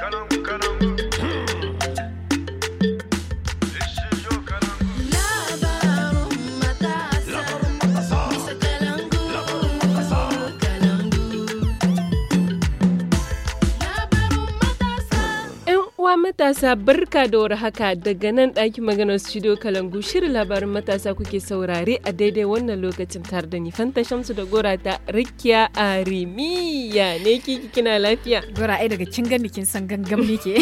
Caramba, caramba. matasa barka da war haka daga nan ɗakin maganar studio Kalangu shirin labarin matasa kuke saurare a daidai wannan lokacin tare da ni Fanta Shamsu da Gora ta Rikiya rimiya ne kiki kina lafiya. Gora ai daga kin gani kin san gangan nike.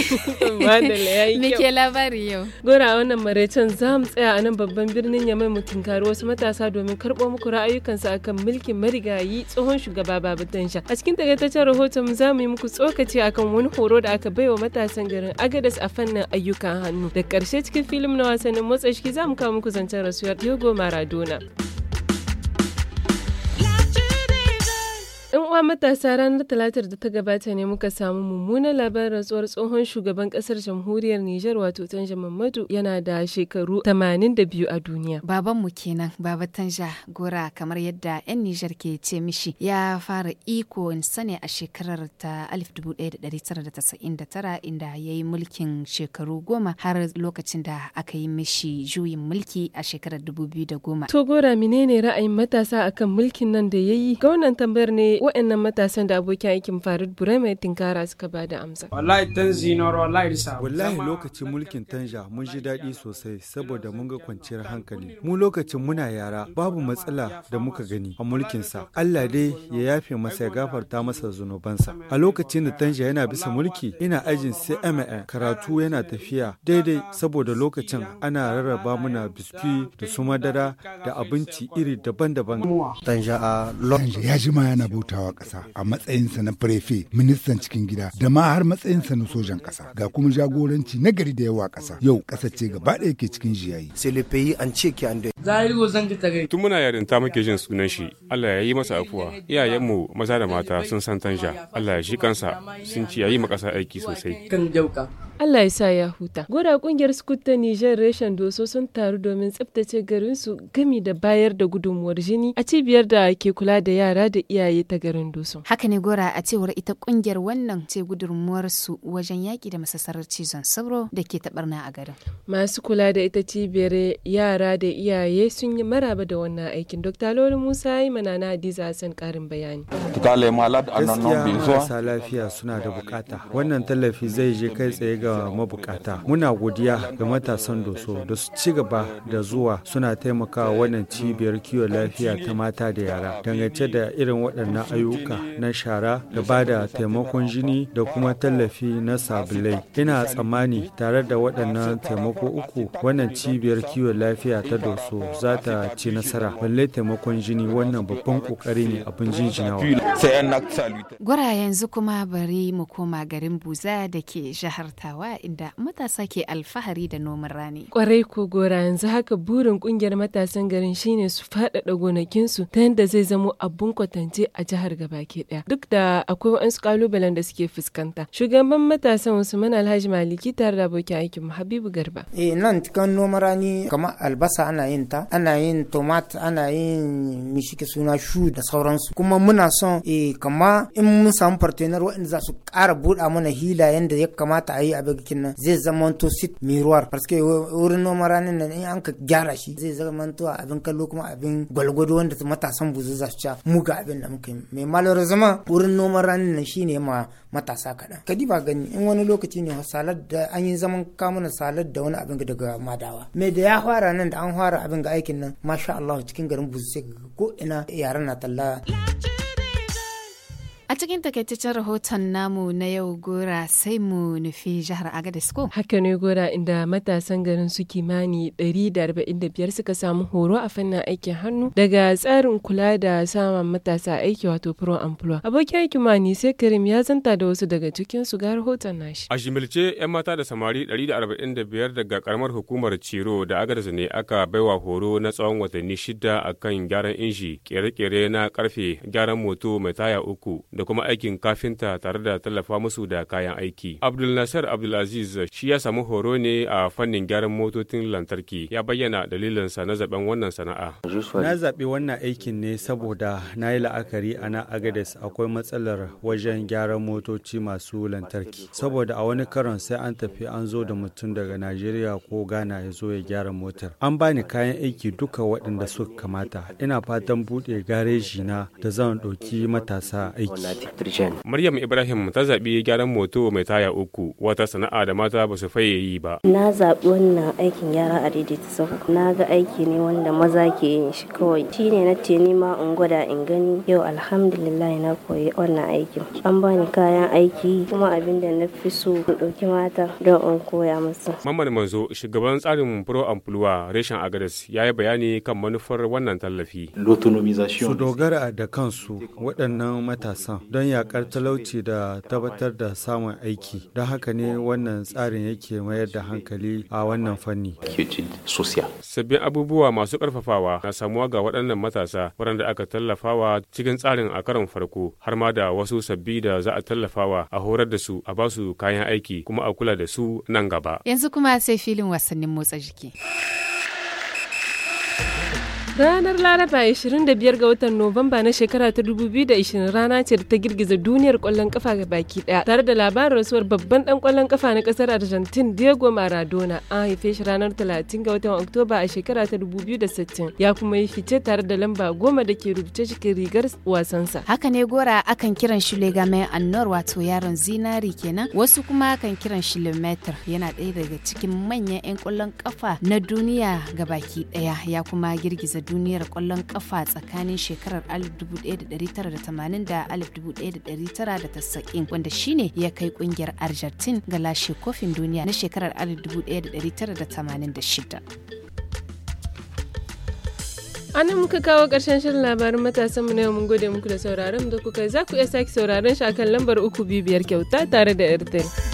labari yau. Gora wannan maraicen za mu tsaya a nan babban birnin ya mai mu tunkari wasu matasa domin karɓo muku ra'ayukansu akan mulkin marigayi tsohon shugaba Babu A cikin takaitaccen rahoton mu za mu yi muku tsokaci akan wani horo da aka baiwa matasan garin agadas a fannin ayyukan hannu da ƙarshe cikin filim na wasannin motsa shi za mu kawo muku zancen rasuwar Diego Maradona. uwa matasa ranar talatar da ta gabata ne muka samu mummunan labarin rantsuwar tsohon shugaban kasar jamhuriyar Nijar wato Tanja Mamadu yana da shekaru 82 a duniya. Babanmu kenan Baba Tanja Gora kamar yadda 'yan Nijar ke ce mishi ya fara iko sane a shekarar ta 1999 inda ya yi mulkin shekaru goma har lokacin da aka yi mishi juyin mulki a shekarar 2010. To Gora menene ra'ayin matasa akan mulkin nan da ya yi? Ga wannan tambayar ne waɗannan matasan da abokin aikin Farid Burema Tinkara suka ba da amsa. Wallahi tanzi wallahi risa. Wallahi lokacin mulkin Tanja mun ji daɗi sosai saboda mun ga kwanciyar hankali. Mu lokacin muna yara babu matsala da muka gani a mulkin sa Allah dai ya yafe masa ya gafarta masa zunubansa. A lokacin da Tanja yana bisa mulki ina ajin CMN karatu yana tafiya daidai saboda lokacin ana rarraba muna biskwi da su madara da abinci iri daban-daban. Tanja ya jima yana bautawa shugabawa kasa a matsayinsa na prefe ministan cikin gida da ma har matsayinsa na sojan kasa ga kuma jagoranci na gari da yawa kasa yau kasa ce gaba ɗaya ke cikin jiyayi. an ce ki Tun muna yarinta muke jin sunan shi Allah ya yi masa afuwa iyayenmu maza da mata sun san tanja Allah ya shi kansa sun ci ya yi ma kasa aiki sosai. Allah ya sa ya huta. gora kungiyar Scout ta reshen Doso sun taru domin tsabtace garinsu gami da bayar da gudunmuwar jini a cibiyar da ke kula da yara da iyaye ta garin Doso. Haka ne gora a cewar ita kungiyar wannan ce gudunmuwar su wajen yaki da masasarar cizon sauro da ke ta barna a garin. Masu kula da ita cibiyar yara da iyaye sun yi maraba da wannan aikin. Dr. Lolo Musa yi mana na Hadiza san karin bayani. Gaskiya marasa lafiya suna da bukata. Wannan tallafi zai je kai tsaye ga ga mabukata. Muna godiya ga matasan doso da su ci gaba da zuwa suna taimakawa wannan cibiyar kiwon lafiya ta mata da yara dangance da irin waɗannan ayyuka na shara da ba da taimakon jini da kuma tallafi na sabulai. Ina tsammani tare da waɗannan taimako uku wannan cibiyar kiwon lafiya ta doso za ta ci nasara. Balle taimakon jini wannan babban kokari ne abin jinjinawa. Gwara yanzu kuma bari mu koma garin Buza da ke jihar Tawa. Tawa inda matasa ke alfahari da noman rani. Kwarai ko gora yanzu haka burin kungiyar matasan garin shine su faɗaɗa gonakinsu ta yadda zai zamo abun kwatance a jihar gabaki ɗaya. Duk da akwai wasu kalubalen da suke fuskanta. Shugaban matasan Usman Alhaji Maliki tare da abokin aikin Habibu Garba. Eh nan cikin noman rani kamar albasa ana yin ta, ana yin tomat, ana yin suna shu da sauransu. Kuma muna son eh kama in mun samu partner waɗanda za su ƙara buɗa mana hila yadda ya kamata a yi a ga zai zama to sit miroir parce que wurin noma ranin nan in an ka gyara shi zai zama a abin kallo kuma abin gwalgwado wanda matasan buzu za su ca mu ga abin da muka yi mai malar zama wurin noma ranin nan shine ma matasa kaɗan kadi ba gani in wani lokaci ne salad da an yi zaman kamuna salad da wani abin daga madawa mai da ya fara nan da an fara abin ga aikin nan masha Allah cikin garin buzu sai ko ina yaran na talla. A cikin takaitaccen rahoton namu na yau gora sai mu nufi jihar Agadez ko? Haka ne gora inda matasan garin su kimani 145 suka samu horo a fannin aikin hannu daga tsarin kula da samun matasa aiki wato pro employer. Abokin aikin mani sai Karim ya zanta da wasu daga cikin su ga rahoton nashi. A shimilce 'yan mata da samari 145 daga karamar hukumar Ciro da Agadez ne aka baiwa horo na tsawon watanni shida akan gyaran inji, kere-kere na karfe, gyaran moto mai taya uku da kuma aikin kafinta tare da tallafa musu da kayan aiki. Abdul Nasir Abdulaziz shi ya samu horo ne a fannin gyaran motocin lantarki ya bayyana dalilinsa na zaben wannan sana'a. Na zaɓi wannan aikin ne saboda na yi la'akari a na Agades akwai matsalar wajen gyaran motoci masu lantarki. Saboda a wani karon sai an tafi an zo da mutum daga Najeriya ko Ghana ya zo ya gyara motar. An bani kayan aiki duka waɗanda suka kamata. Ina fatan buɗe gareji na da zan ɗauki matasa aiki. Latif Maryam Ibrahim ta zaɓi gyaran moto mai taya uku wata sana'a da mata ba su faye yi ba. Na zaɓi wannan aikin gyara a daidaita sahu. Na ga aiki ne wanda maza ke yin shi kawai. Shi ne na ce ni ma in gwada in gani yau alhamdulillah na koyi wannan aikin. An bani kayan aiki kuma abin da na fi so in ɗauki mata don in koya musu. Mamman Manzo shugaban tsarin Pro Amfuluwa reshen Agadas ya yi bayani kan manufar wannan tallafi. Su dogara da kansu waɗannan matasan don yakar talauci da tabbatar da samun aiki. Don haka ne wannan tsarin yake mayar da hankali a wannan fanni. Sabbin abubuwa masu karfafawa na samuwa ga waɗannan matasa waɗanda aka tallafawa cikin tsarin a karon farko har ma da wasu sabbi da za a tallafawa a horar da su a ba su kayan aiki kuma a kula da su nan gaba. Yanzu kuma sai filin wasannin motsa jiki. Ranar Laraba 25 ga watan Nuwamba na shekara ta 2020 rana ce da ta girgiza duniyar kwallon kafa ga baki daya tare da labarin rasuwar babban dan kwallon kafa na kasar Argentine Diego Maradona an haife shi ranar 30 ga watan Oktoba a shekara ta 2060 ya kuma yi fice tare da lamba goma da ke rubuce cikin rigar wasansa. Haka ne gora akan kiran shi legamen annor wato yaron zinari kenan wasu kuma akan kiran shi yana ɗaya daga cikin manyan 'yan kwallon kafa na duniya ga baki daya ya kuma girgiza duniyar kwallon kafa tsakanin shekarar 1980 da 1990 wanda shine ya kai kungiyar Argentine ga lashe kofin duniya na shekarar 1986. ana muka kawo ƙarshen shirin labarin matasan mu na yau mun gode muku da sauraron da kuka za ku iya sake sauraron shi akan lambar uku biyar kyauta tare da airtel